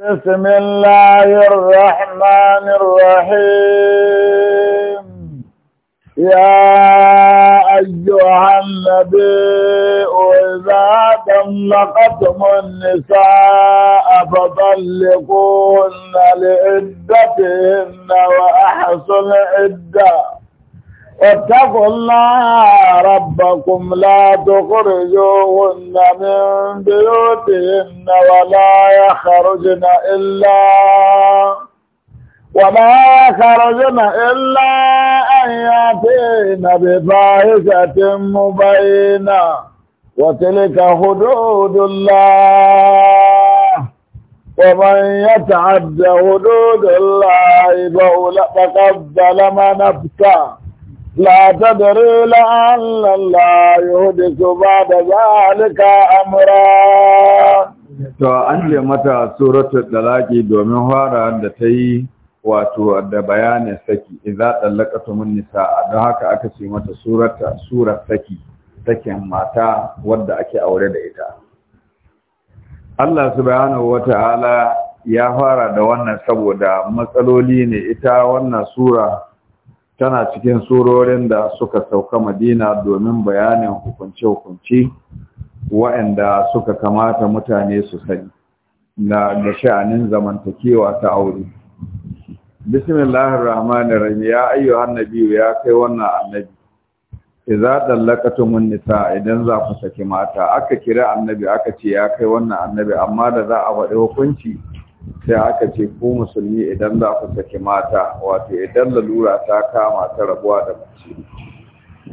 بسم الله الرحمن الرحيم يا أيها النبي إذا طلقتم النساء فطلقوهن لعدتهن وأحصل العده واتقوا الله ربكم لا تخرجوهن من بيوتهن ولا يخرجن إلا وما يخرجن إلا أن يأتين بفاحشة مبينة وتلك حدود الله ومن يتعد حدود الله فقد ظلم نفسه لا تدري لعل الله يحدث بعد ذلك أمرا to an je mata suratul talaqi domin fara da ta yi wato da bayanin saki idza talaqatumun nisaa don haka aka ce mata surata surat saki sakin mata wadda ake aure da ita Allah subhanahu wataala ya fara da wannan saboda matsaloli ne ita wannan sura tana cikin surorin da suka sauka madina domin bayanin hukunce-hukunce wa'anda suka kamata mutane su sani na da sha'anin zamantakewa ta aure bismillahir rahmanir rahim ya ayyuhan annabi ya kai wannan annabi idza min nisa idan za ku saki mata aka kira annabi aka ce ya kai wannan annabi amma da za a faɗi hukunci sai aka ce ku musulmi idan za ku saki mata wato idan lalura ta kama ta rabuwa da mace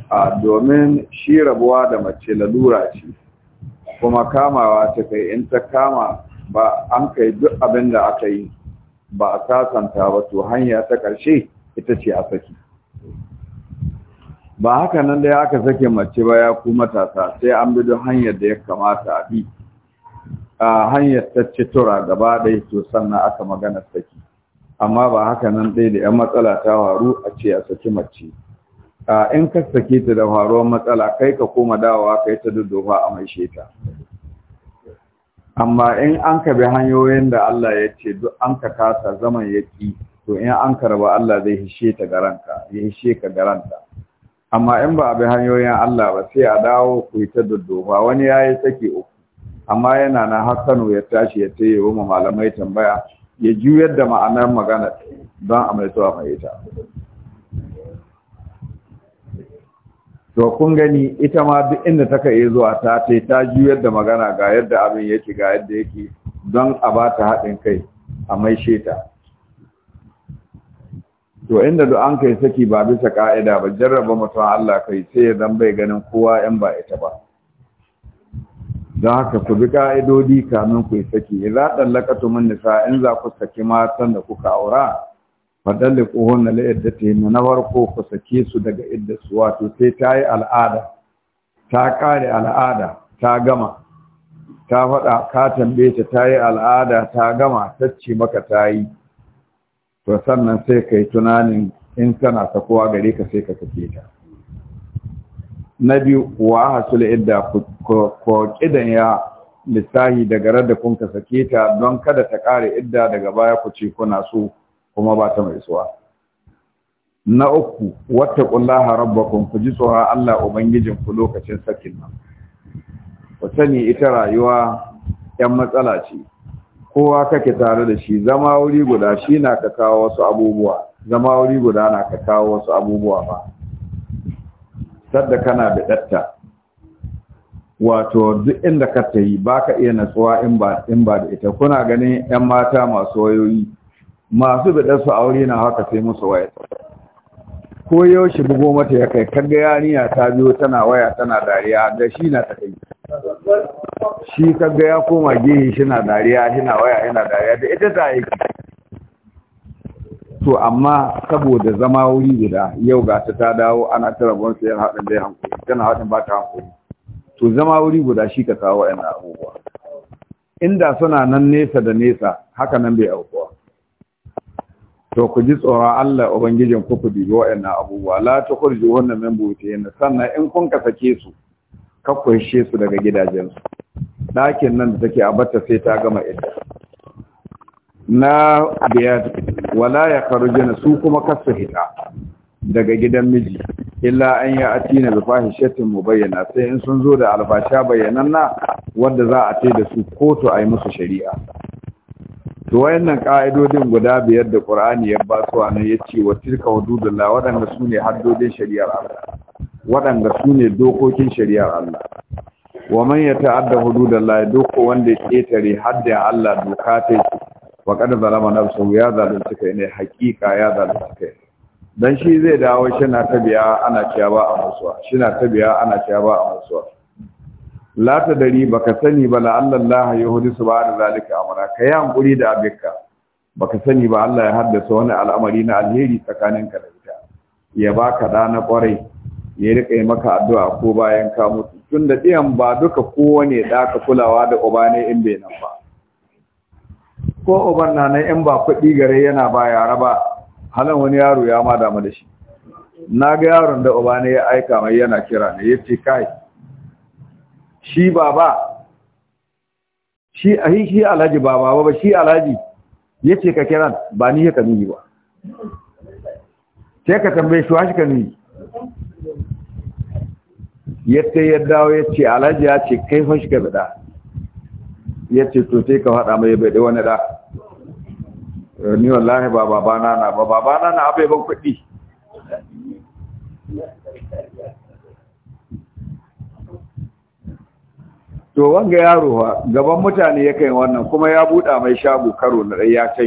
a domin shi rabuwa da mace lalura ce kuma kamawa ta kai in ta kama ba an kai duk abin da aka yi ba a sasanta ba to hanya ta ƙarshe ita ce a saki ba haka nan da aka sake mace ba ya ku matasa sai an bi duk hanyar da ya kamata a bi a hanyar tacci tura gaba ɗaya to sannan aka magana saki amma ba haka nan ɗaya da 'yan matsala ta faru a ce a saki mace in ka saki ta da faruwar matsala kai ka koma dawowa kai ta duddufa a mai sheta amma in an ka bi hanyoyin da Allah ya ce duk an ka kasa zaman ki to in an karba Allah zai hishe ta ya hishe ka garanta amma in ba a bi hanyoyin Allah ba sai a dawo ku yi ta duddufa wani ya yi saki uku amma yana na har Kano ya tashi ya taye wa malamai tambaya ya juyar da ma'anar magana don a mai zuwa mai ita to kun gani ita ma duk inda ta kai zuwa ta ce ta juyar da magana ga yadda abin yake ga yadda yake don a ba ta haɗin kai a mai sheta to inda duk an kai saki ba bisa ka'ida ba jarraba mutum Allah kai sai ya zan bai ganin kowa 'yan ba ita ba don haka ku bi ka'idodi kamin ku yi saki idza min nisa in za ku saki matan da kuka aura fadallikuhunna li iddatihinna na farko ku sake su daga su wato sai ta yi al'ada ta kare al'ada ta gama ta faɗa ka tambaye ta ta yi al'ada ta gama ta ce maka ta yi to sannan sai ka yi tunanin in kana sakowa gare ka sai ka sake ta na biyu wa hasul idda ko kidan ya lissahi daga radda kun ka sake ta don kada ta kare idda daga baya ku ce kuna so kuma ba ta mai suwa na uku wata wattaqullaha rabbakum ku ji tsoron Allah ubangijin ku lokacin sakin nan ku sani ita rayuwa yan matsala ce kowa kake tare da shi zama wuri guda shi na ka kawo wasu abubuwa zama wuri guda na ka kawo wasu abubuwa ba sadda kana da datta wato duk inda ka yi, ba ka iya natsuwa in ba da ita kuna ganin yan mata masu wayoyi masu da su aure na haka sai musu waya ko yaushe bugo mata ya kai kaga yariya ta biyo tana waya tana dariya da shi na ta kai shi kaga ya koma gehe shi na dariya shi na waya yana dariya da ita ta yi to amma saboda zama wuri guda yau ga ta ta dawo ana ta rabon yan haɗin dai hankali tana haɗin ba ta hankali to zama wuri guda shi ka kawo wa'yan abubuwa inda suna nan nesa da nesa haka nan bai aukuwa to ku ji tsoron Allah ubangijin ku ku dibi wa'yan abubuwa la ta kurji wannan bute yana sannan in kun ka sake su ka su daga gidajensu ɗakin nan da take a bata sai ta gama idda na biyar wala ya jana su kuma kasa hita daga gidan miji illa an yi ya da bi fahishatin bayyana, sai in sun zo da albasha bayyananna wanda za a ce da su kotu a yi musu shari'a to wayannan ka'idodin guda biyar da Qur'ani ya ba su anan ce wa tilka hududullah wadanda sune haddodin shari'ar Allah wadanda sune dokokin shari'ar Allah wa man yata'adda hududallah doko wanda ya ketare haddin Allah doka ta Waƙar kada zalama ya zalunci kai ne hakika ya zalunci kai dan shi zai dawo shi na tabiya ana ciya ba a musuwa shi na tabiya ana ciya ba a musuwa la ta dari baka sani ba la Allah ya su ba da zalika amara yi hankuri da abinka baka sani ba Allah ya haddasa wani al'amari na alheri tsakanin ka da ita ya baka da na kwarai ya rika maka addu'a ko bayan ka mutu tunda ɗiyan ba duka kowane da ka kulawa da uba ne in bai nan ba ko uban na nan in ba kuɗi gare yana ba yara ba halin wani yaro ya ma damu da shi na ga yaron da uba ne ya aika mai yana kira ne ya ce kai shi baba shi ahi shi alhaji ba baba ba shi alhaji ya ce ka kiran ba ni ya ka nuni ba sai ka tambaye shi wa shi ka nuni yadda ya dawo ya ce alhaji ya ce kai fashi ka bada ya ce to sai ka faɗa mai bai da wani da Eh, ni wallahi ba babana na ba babana na abai ban kuɗi to wanga yaro gaban mutane ya kai wannan kuma ya buɗa mai shago karo na ɗaya ya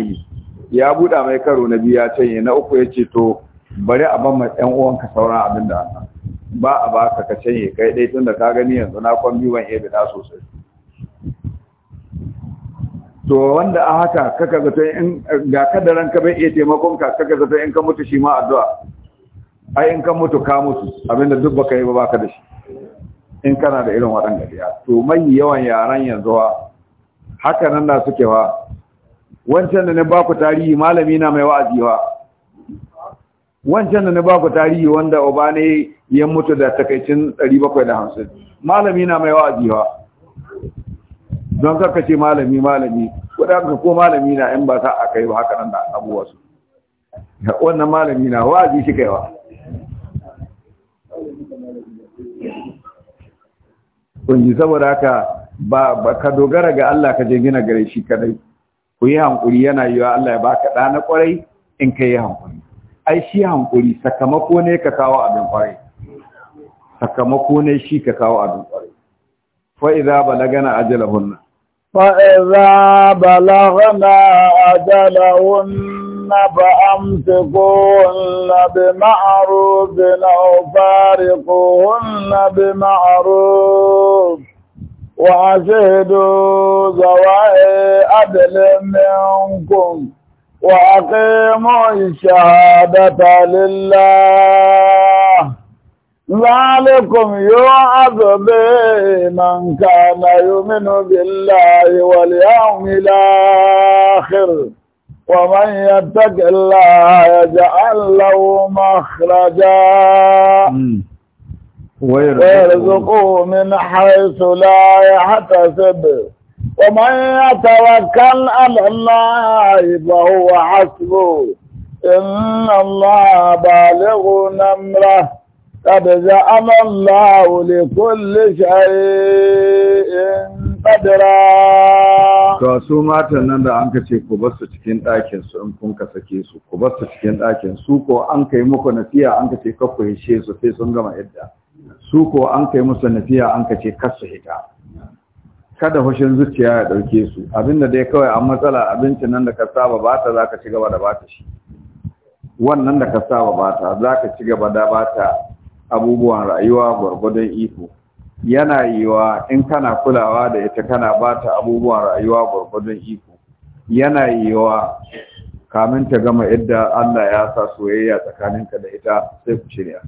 ya buɗa mai karo na biyu ya canye na uku ya ce to bari a ban mai ɗan uwanka sauran abin da ba a baka ka canye kai ɗai tunda da ka gani yanzu na kwan biyu ban iya bida sosai to wanda a haka kaka zato in ga kadaran ka bai iya taimakon ka kaka zato in ka mutu shi ma addu'a ai in ka mutu ka mutu abinda duk baka yi ba baka da shi in kana da irin waɗanda biya to mai yawan yaran yanzu wa haka nan da suke wa wancan da na ba ku tarihi malami na mai wa'azi wa wancan da na ba ku tarihi wanda uba ne ya mutu da takaicin 750 malami na mai wa'azi wa don kaka ce malami malami ka ko malami na in ba sa a kai ba haka nan da abubuwa su wannan malami na wa'azi shi kaiwa kunji saboda haka ba ka dogara ga Allah ka je gina gare shi kadai ku yi hankuri yana yiwa Allah ya baka ɗa na ƙwarai in ka yi hankuri ai shi hankuri sakamako ne ka kawo abin ƙwarai sakamako ne shi ka kawo abin kwarai fa idza balagana ajalahunna فإذا بلغنا أجلهن فأمسكوهن بمعروف أو فارقوهن بمعروف وأشهدوا ذوي عدل منكم وأقيموا الشهادة لله ذلكم يوعظ من كان يؤمن بالله واليوم الآخر ومن يتق الله يجعل له مخرجا ويرزقه من حيث لا يحتسب ومن يتوكل على الله فهو حسبه إن الله بالغ نمره قد زعم الله لكل شيء قدرا to su matan nan da an ka ce ku basu cikin ɗakin su in kun ka sake su ku basu cikin ɗakin su ko an kai muku nafiya an ka ce ka ku hishe su sai sun gama yadda su ko an kai musu nafiya an ka ce kar su hita kada hushin zuciya ya ɗauke su abinda dai kawai an matsala abincin nan da ka saba bata za ka ci gaba da bata shi wannan da ka saba ta za ka ci gaba da ta abubuwan rayuwa gwargwadon iko yana yiwa in kana kulawa da ita kana ba ta abubuwan rayuwa gwargwadon iko yana yiwa kamin ta gama yadda Allah ya sa soyayya tsakaninka da ita sai ku shirya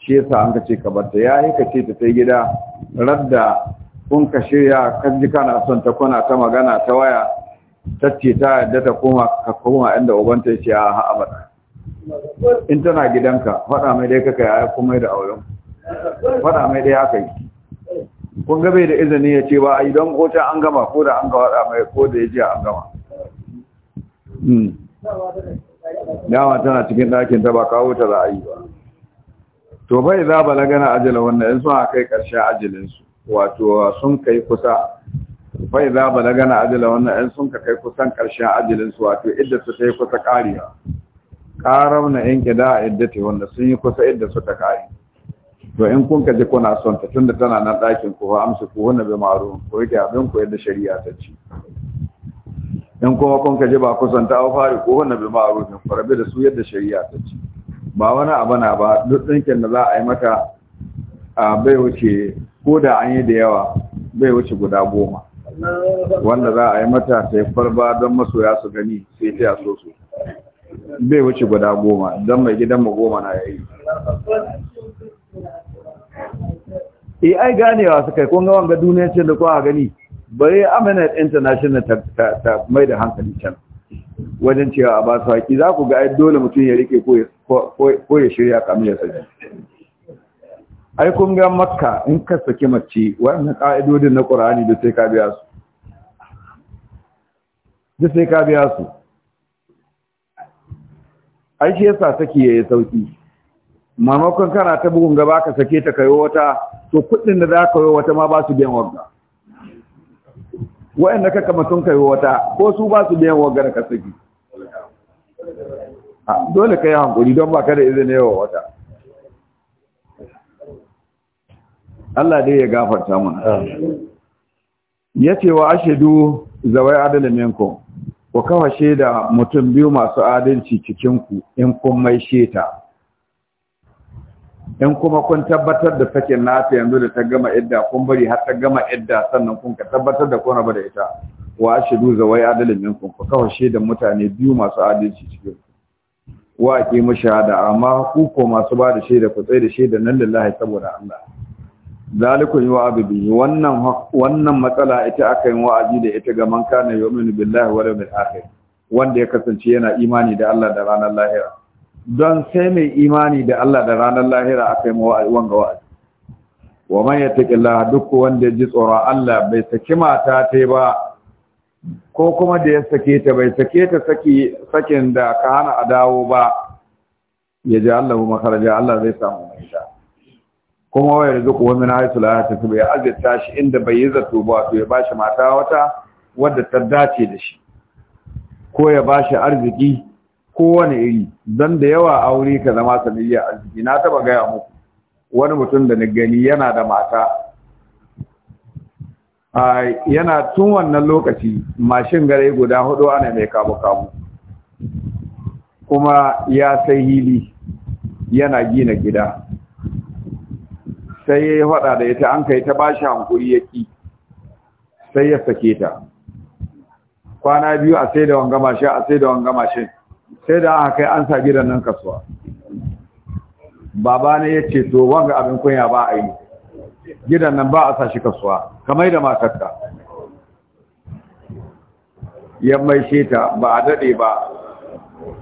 shi yasa an ka ce ka barta ya yi ka ce ta ta gida radda kun ka shirya kan ji kana son ta kwana ta magana ta waya ta ce ta yadda ta koma ka koma inda ubanta ya ce a abada in tana gidanka faɗa mai dai kaka ya kuma da auren faɗa mai dai haka yi kun gabe da izini ya ce ba a idan don ta an gama ko da an ga faɗa mai ko da ya ji an gama hmm. dama tana cikin ɗakin ta ba kawo ta za a yi ba to bai za gana ajiyar wannan in suna kai ƙarshen ajalinsu wato sun kai kusa bai za gana ajala wannan in sun kai kusan ƙarshen ajalinsu wato idda su ta yi kusa ƙariya ƙarar na yanke da a iddata wanda sun yi kusa yadda suka kare to in kun kaji kuna son ta tunda tana nan ɗakin ku ba amsa ku wannan bai maru ku yake abin ku yadda shari'a ta ce in kuma kun kaji ba kusan ta fari ko wannan bai maru ne ku rabe da su yadda shari'a ta ce ba wani abu na ba duk ɗinkin da za a yi mata a bai wuce ko da an yi da yawa bai wuce guda goma wanda za a yi mata ta yi farba don masoya su gani sai ta so su bai wuce guda goma don mai gidanmu goma na yayi e ai ganewa suka yi kunga wanga duniya ce da kowa gani bare amana international ta mai da hankali can wajen cewa a basu haƙi za ku ga ai dole mutum ya rike ko ya shirya kamun ya saki ai kun ga makka in ka saki mace wannan ka'idodin na ƙur'ani da sai ka biya su da sai ka biya su ai shi yasa saki yayi sauki mamakon kana ta bugun gaba ka sake ta kayo wata to kudin da za ka yi wata ma ba su biyan wagga wa'anda kaka mutum kayo wata ko su ba su biyan wagga da ka saki dole ka yi hankuri don ba ka da izini yawa wata Allah dai ya gafarta mana ya ce wa ashidu zawai adalin minkum ku kawashe da mutum biyu masu adalci cikinku in kun mai sheta in kuma kun tabbatar da sakin nata yanzu da ta gama idda kun bari har ta gama idda sannan kun ka tabbatar da kun raba da ita wa ashidu wai adalin minkum ku kawashe da mutane biyu masu adalci cikin ku wa ke shahada amma ku ko masu ba da shaida ku tsaye da shaida nan lillahi saboda Allah zaliku yi wa wannan wannan matsala ita aka yi wa'azi da ita ga man kana yu'minu billahi wal yawmil akhir wanda ya kasance yana imani da Allah da ranar lahira don sai mai imani da Allah da ranar lahira aka yi wanga wa'azi wa man yattaqillaha duk wanda ji tsoron Allah bai saki mata ta ba ko kuma da ya sake ta bai sake ta saki sakin da ka hana a dawo ba ya ji Allah makaraja Allah zai samu mai kuma wai duk wani na haisu la ta bai ya azirta shi inda bai yi zato ba to ya bashi mata wata wadda ta dace da shi ko ya bashi arziki wani iri don da yawa aure ka zama sanayya, arziki na taba gaya muku wani mutum da na gani yana da mata yana tun wannan lokaci mashin gare guda hudu ana mai kamu-kamu kuma ya sai hili yana gina gida sai ya yi faɗa da ita an kai ta ba shi hankuri ya ƙi sai ya sake ta kwana biyu a sai da wanga mashin a sai da wanga mashin sai da aka kai an sa gidan nan kasuwa baba ne ya ce to wanga abin kunya ba a yi gidan nan ba a sa shi kasuwa kamar da matarka ya mai sheta ba a daɗe ba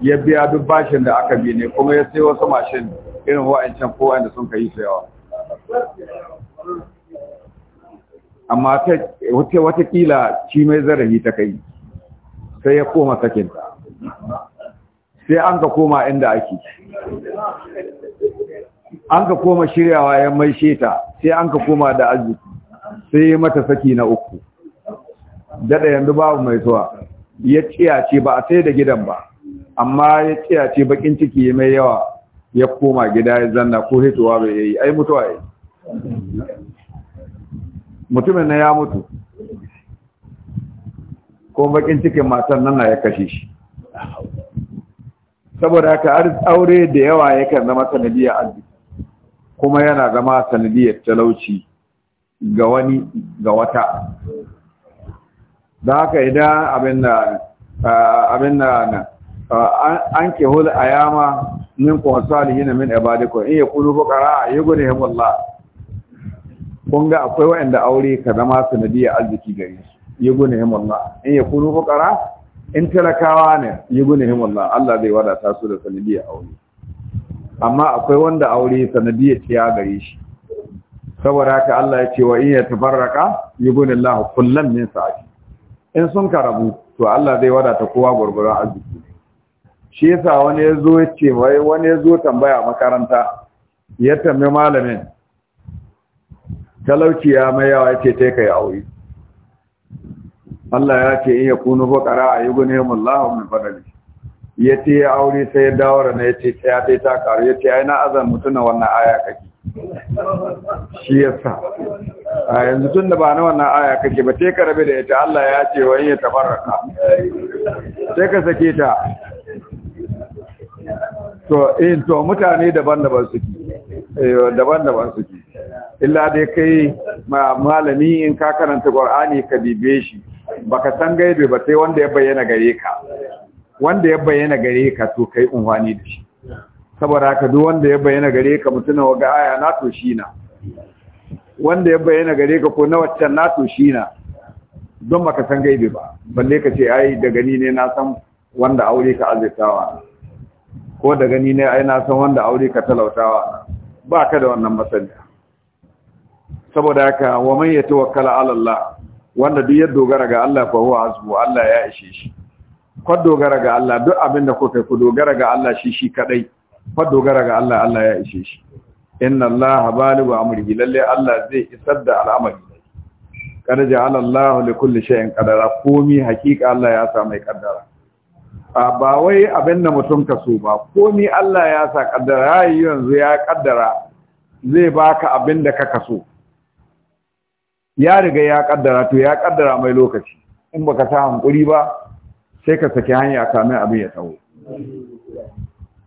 ya biya duk bashin da aka bi ne kuma ya sai wasu mashin irin wa'ancan ko wa'anda sun ka yi su yawa amma ta watakila shi mai zarafi ta kai sai ya koma sakinta sai an ka koma inda ake an ka koma shiryawa ya mai sheta sai an ka koma da arziki sai ya mata saki na uku daɗa yanzu babu mai zuwa ya ciyace ba a sai da gidan ba amma ya ciyace bakin ciki mai yawa ya koma gida ya zanna ko hitowa bai yayi ai mutuwa yi mutumin na ya mutu ko bakin cikin matan nan na ya kashe shi saboda haka aure da yawa yakan zama sanadiyar arziki kuma yana zama sanadiyar talauci ga wani ga wata da haka idan abin da abin da an ke hul ayama minkum as-salihin min ibadikum in yakunu fuqara yughnihim Allah kun ga akwai wanda aure ka zama sanadiyar arziki gare su yughnihim Allah in yakunu fuqara in talakawa ne yughnihim Allah Allah zai wadata su da sanadiyar aure amma akwai wanda aure sanadiyar tiya gare shi saboda haka Allah ya ce wa in yatafarraqa yughnillahu kullam min sa'ati in sun karabu to Allah zai wadata kowa gurgurun arziki shi yasa wani ya zo ya ce wai wani ya zo tambaya a makaranta ya tambayi malamin talauci ya mai yawa ya ce ta kai aure Allah ya ce in ya kunu fakara a yi gune mullahu min fadali ya ce ya aure sai ya dawo da na ya ce ta yi ta karu ya ce ai na azan mutuna wannan aya kake shi yasa a yanzu tun da ba na wannan aya kake ba sai ka rabe da ita Allah ya ce wa in ya tabarraka sai ka sake ta to in eh, to mutane daban-daban suke eh, daban-daban suke illa dai kai malami in ka karanta Qur'ani ka bibe shi baka san gaibe ba sai wanda ya bayyana gare ka wanda ya bayyana gare ka to kai unwani da shi saboda haka duk wanda ya bayyana gare ka mutuna ga aya na to shi na wanda ya bayyana gare ka ko na waccan na to shi na don baka san gaibe ba balle ka ce ai da gani ne na san wanda aure ka azirtawa ko da gani ne ai na san wanda aure ka talautawa ba ka da wannan masaniya saboda haka wa man yatawakkala ala Allah wanda duk ya dogara ga Allah fa huwa hasbu Allah ya ishe shi ko dogara ga Allah duk abin da kuka ku dogara ga Allah shi shi kadai ko dogara ga Allah Allah ya ishe shi inna Allah balighu amrihi lalle Allah zai isar da al'amari kada ja'ala Allah li kulli shay'in qadara komi hakika Allah ya sa mai kaddara ba wai abin da mutum ka so ba ko ni Allah ya sa kaddara yayi yanzu ya kaddara zai baka abin da ka kaso ya riga ya kaddara to ya kaddara mai lokaci in baka sa hankuri ba sai ka saki hanya kamin abin ya taho.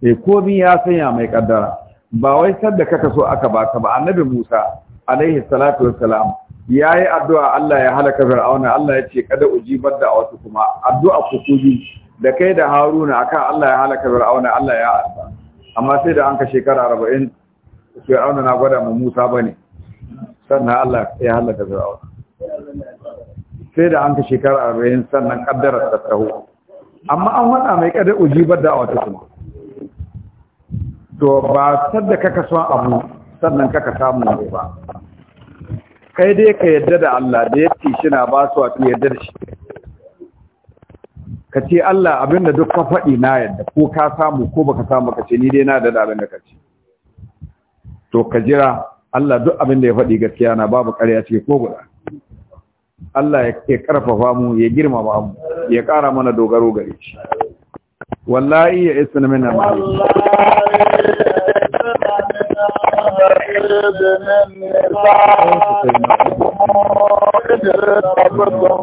eh komai ya sanya mai kaddara ba wai sadda ka kaso aka baka ba annabi Musa alaihi salatu wassalam yayi addu'a Allah ya halaka Fir'auna Allah ya ce kada ujibar da wasu kuma addu'a ku kuji da kai da haruna akan Allah ya halaka fir'auna Allah ya asa amma sai da an ka shekara 40 fir'auna na gwada mu Musa bane sannan Allah ya halaka fir'auna sai da an ka shekara 40 sannan kaddara ta taho amma an wada mai kada ujibar da wata kuma to ba sadda kaka son abu sannan kaka samu ne ba kai dai ka yadda da Allah da yake shi na ba su wato yadda da shi ka ce Allah abinda duk ka faɗi na yadda ko ka samu ko baka samu ka ce ni dai na da abinda da ka ce to ka jira Allah duk abinda ya faɗi gaskiya na babu ƙarya ce ko guda Allah ya karfafa mu ya girmama mu ya ƙara mana dogaro gare shi wallahi ya isa na min mai وأولاد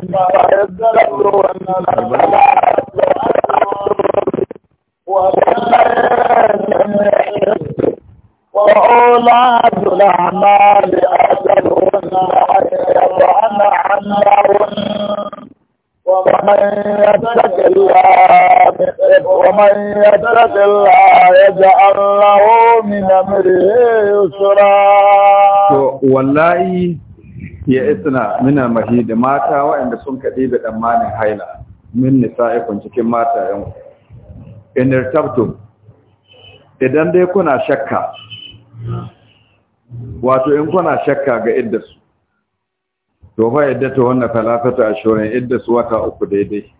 الأعمال أجلهن أن يضعن عنهن ومن يتق الله ومن يتق الله يجعل له من أمره يسرا. والله ya isna mina da mata waɗanda sun kaɗi da ɗammanin haila min nisa'ikun cikin mata yanku inar tabtum idan dai kuna shakka wato in kuna shakka ga iddasu to fa iddatu wannan falafata ashurin iddasu wata uku daidai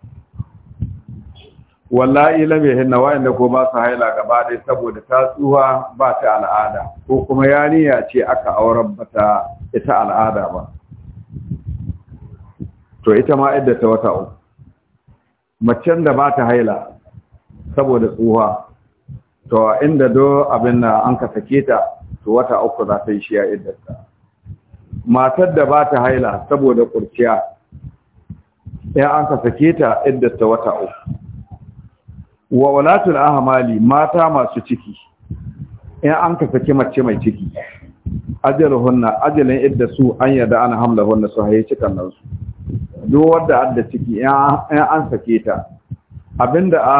wallahi lam yahinna waɗanda ko ba su haila gaba dai saboda ta tsuwa ba ta al'ada ko kuma yariya ce aka auren bata ita al'ada ba to ita ma idda ta wata uku macen da ba ta haila saboda tsuha to inda do abin da an ka sake ta to wata uku za ta yi shiya ta. matar da ba ta haila saboda kurciya ya an ka sake ta ta wata uku wa walatul ahmali mata masu ciki in an ka sake mace mai ciki ajaluhunna ajalin idda su an yada an hunna su haye cikan nan su duk wadda adda ciki in an sake ta abinda a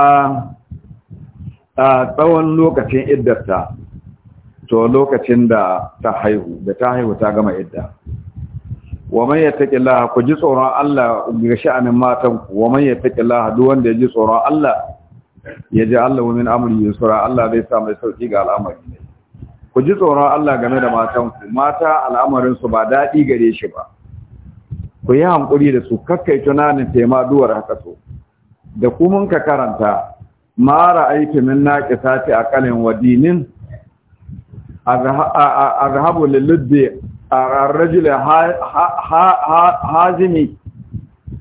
a tsawon lokacin iddarta to lokacin da ta haihu da ta haihu ta gama idda wa man laha ku ji tsoron Allah ga sha'anin matan ku wa man laha duk wanda ya ji tsoron Allah ya ji Allah min amri yusra Allah zai sa mai sauki ga al'amari ku ji tsoron Allah game da matanku mata al'amarinsu ba daɗi gare shi ba ku yi hankuri da su kakkai tunanin tema duwar haka so da mun ka karanta mara aiki min naƙi sati a kalin wadinin a rahabu lullubbe a rajula hazimi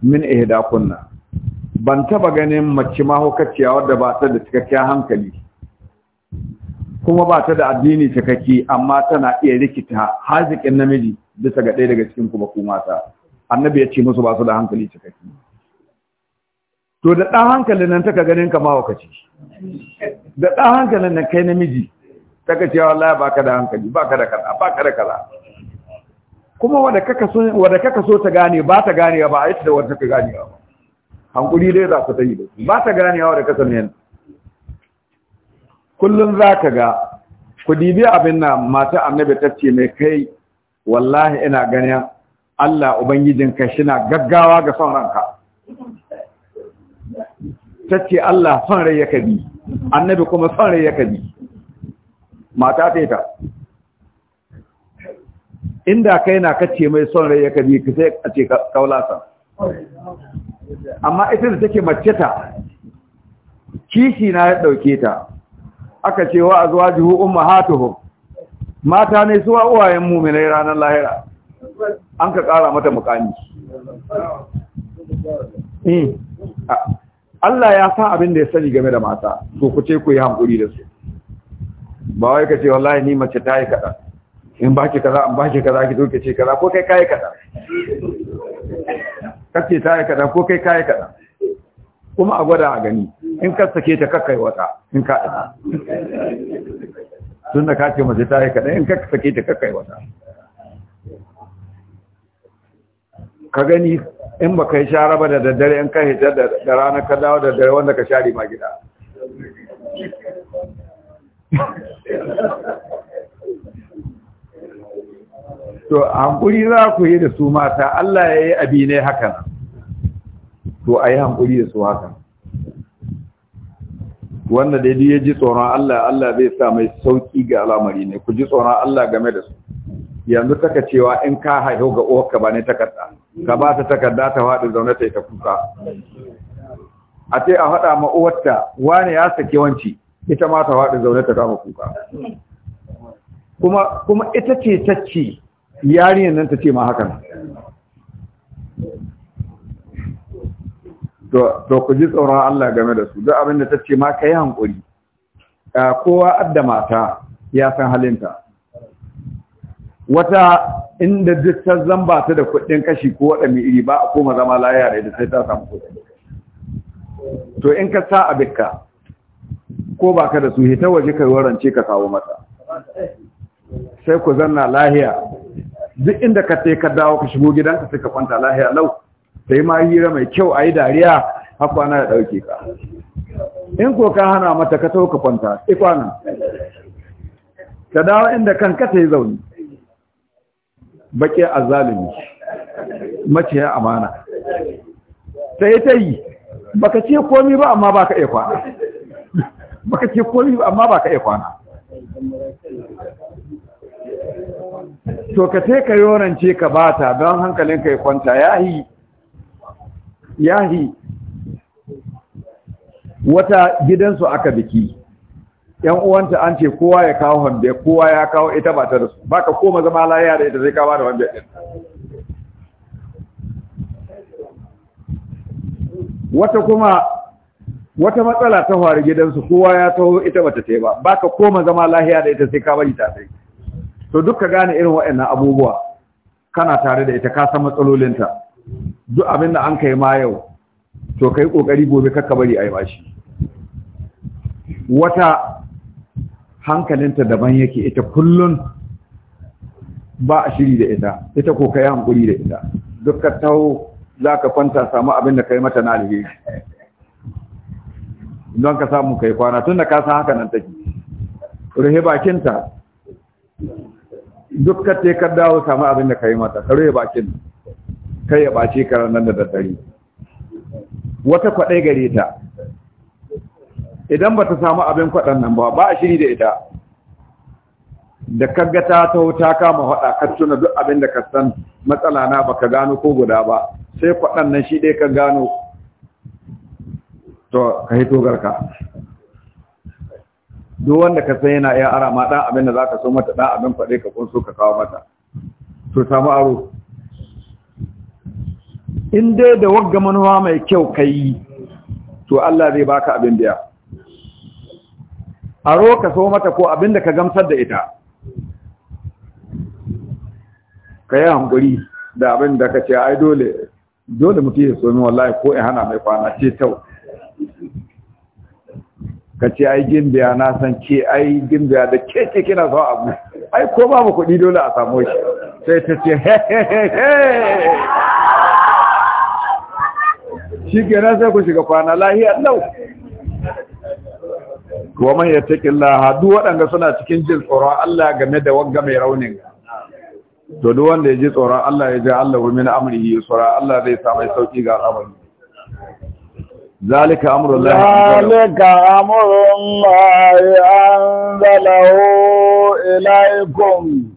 min ihda kunna ban taba ganin mace mahaukaciya wadda ba ta da cikakken hankali kuma ba ta da addini cikakke amma tana iya rikita haziƙin namiji bisa ga ɗaya daga cikin kuma ku mata annabi ya ce musu ba su da hankali cikakke to da ɗan hankalin nan taka ganin ka mawakaci da ɗan hankalin nan kai namiji taka cewa ba baka da hankali baka da kaza baka da kaza kuma wanda kaka so wanda kaka so ta gane ba ta ganewa ba a yi ta da wanda ta ganewa ba hankuli dai za su ta yi ba ta ganewa da kasan yanzu kullum za ka ga ku dibi abin na mata annabi ta ce mai kai wallahi ina ganin Allah Ubangijinka shi na gaggawa ga son ranka ta ce Allah son rai ya kabi annabi kuma son rai ya kabi mata ta ta inda kai na kace mai son rai ya kabi ka sai a ce kaulasa amma ita da take mace ta kishi na ya dauke ta aka ce wa azwajuhu ummahatuhum mata ne suwa uwayen mu'minai ranar lahira an ka ƙara mata mukami eh. Allah ya san abin da ya sani game da mata to ku ce ku yi hankuri da su ba wai ka ce wallahi ni mace ta yi kaɗan in baki kaza an baki kaza ki doke ce kaza ko kai kayi kaɗan kace ta yi kaɗan ko kai kayi kaɗan kuma a gwada a gani in ka sake ta kakai wata in ka tun da ka mace ta yi kaɗai in ka sake ta kakai wata ka gani in ba ka yi shara ba da daddare in ka hita da rana ka dawo da daddare wanda ka share ma gida to hankuri za ku yi da su mata Allah ya yi abi ne hakan to a yi hankuri da su hakan wanda dai duk ya ji tsoron Allah Allah zai sa mai sauki ga al'amari ne ku ji tsoron Allah game da su yanzu taka cewa in ka haihu ga uwarka ba ne takarda ka ba ta takarda ta faɗi zaune ta yi kuka a ce a faɗa ma uwarta wani ya sake wanci ita ma ta faɗi zaune ta kama kuka kuma kuma ita ce tacci yarinyar nan ta ce ma hakan to ku ji tsoron Allah game da su duk abin da ta ce ma ka yi hankuri kowa adda mata ya san halinta wata inda duk ta zamba ta da kuɗin kashi ko mai iri ba a koma zama laya da sai ta samu kuɗi to in ka sa abinka ko ba ka da su hita waje kai warance ka kawo mata sai ku zanna lahiya duk inda ka sai ka dawo ka shigo gidanka sai ka kwanta lahiya lau sai ma hira mai kyau a yi dariya haka ana da ɗauke ka in ko ka hana mata ka tauka kwanta sai kwana. ka dawo inda kanka ka yi zaune baƙi zalimi mace ya amana ta yi ta yi baka ce komi ba amma baka iya kwana baka ce komi ba amma baka iya kwana to ka sai ka ce ka bata don hankalinka ya kwanta ya yi yahi wata gidansu aka biki yan uwanta an ce kowa ya kawo hambe kowa ya kawo ita ba ta rasu baka koma zama laya da ita zai kawo da hambe din wata kuma wata matsala ta faru gidansu kowa ya taho ita bata ta ba baka koma zama lahiya da ita sai ka bari ta sai to duka gane irin waɗannan abubuwa kana tare da ita ka san matsalolinta duk abin da an kai ma yau to kai kokari gobe kakka bari a yi bashi wata hankalinta daban yake ita kullun ba a shiri da ita ita ko kai hankuri da ita duk ka taho za ka kwanta samu abin da kai mata na alheri don ka samu kai kwana tun da ka san haka nan take rufe bakinta duk ka te ka dawo samu abin da kai mata ka rufe bakinta kai ya ɓace ka ranar da daddare wata kwaɗai gare ta idan ba ta samu abin kwaɗan nan ba ba a shiri da ita da kaga ta taho ta kama haɗa ka tuna duk abin da ka san matsala na ba ka gano ko guda ba sai kwaɗan nan shi ɗaya ka gano to ka hito garka duk wanda ka san yana iya ara ma ɗan abin da za ka so mata ɗan abin kwaɗai ka kunso ka kawo mata to samu aro in dai da wagga manuwa mai kyau ka yi to Allah zai baka abin biya a ka so mata ko abin da ka gamsar da ita ka yi hankuri da abin da ka ce ai dole dole mutu ya somi wallahi ko in hana mai kwana ce tau ka ce ai gimbiya na san ke ai gimbiya da ke ke kina so abu ai ko babu kuɗi dole a samu shi sai ta ce he he he he shi kenan sai ku shiga kwana lahiyar lau wa man yattaqillaha duk waɗanda suna cikin jin tsoron Allah game da wanga mai raunin to duk wanda ya ji tsoron Allah ya ji Allah amri ya yusra Allah zai sa mai sauki ga al'amari zalika amru Allah zalika amru Allah anzalahu ilaikum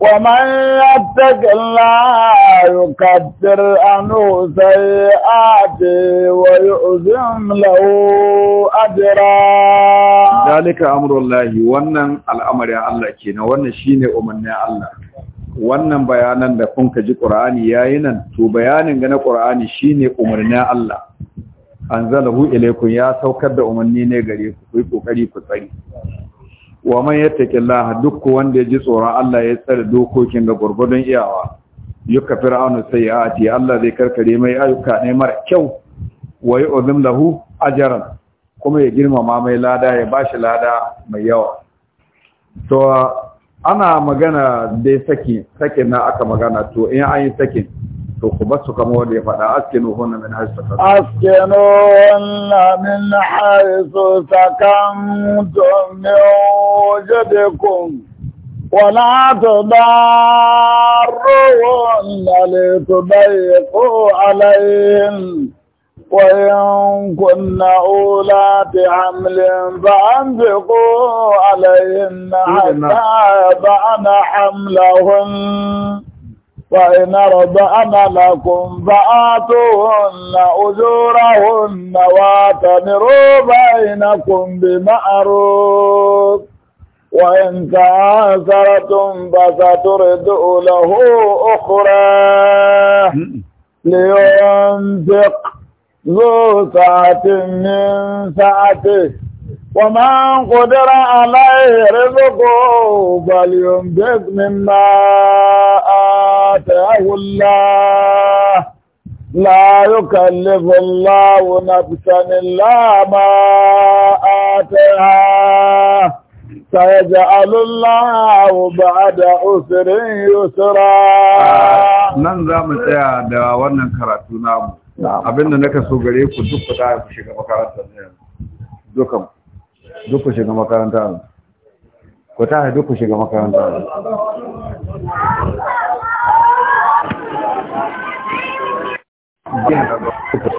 ومن يتق الله يكفر عنه سيئاته ويؤذم له أجرا ذلك أمر الله wannan al'amari Allah kenan wannan shine umarnin Allah wannan bayanan da kun ji Qur'ani yayi nan to bayanin ga na Qur'ani shine umarnin Allah anzalahu ilaykum ya saukar da umarni ne gare ku ku kokari ku tsari wa man yattaqillaha duk wanda ya ji tsoron Allah ya tsare dokokin ga gurgudun iyawa yuka fir'aunu sayyi'ati Allah zai karkare mai ayyuka ne mara kyau wa yu'zim lahu ajran kuma ya girmama mai lada ya bashi lada mai yawa to ana magana dai saki sakin na aka magana to in an yi sakin تخبصك أسكنوهن من حيث سكنتم من وجدكم ولا تضاروهن لتضيقوا عليهم وإن كن أولى بحمل فأنفقوا عليهن حتى يضعن حملهن فإن رضأن لكم فآتوهن أجورهن واتمروا بينكم بمعروف وإن تعاثرتم فسترد له أخرى لينفق ذو سعة من سعته ومن قدر عليه رزقه فلينفق مما آتاه الله لا يكلف الله نفسا إلا ما آتاها سيجعل الله بعد أسر يسرا nan za mu tsaya da wannan karatu namu abinda naka so gare ku duk fada shiga makarantar ne duk ku shiga makaranta ku tashi duk ku shiga makaranta Thank you.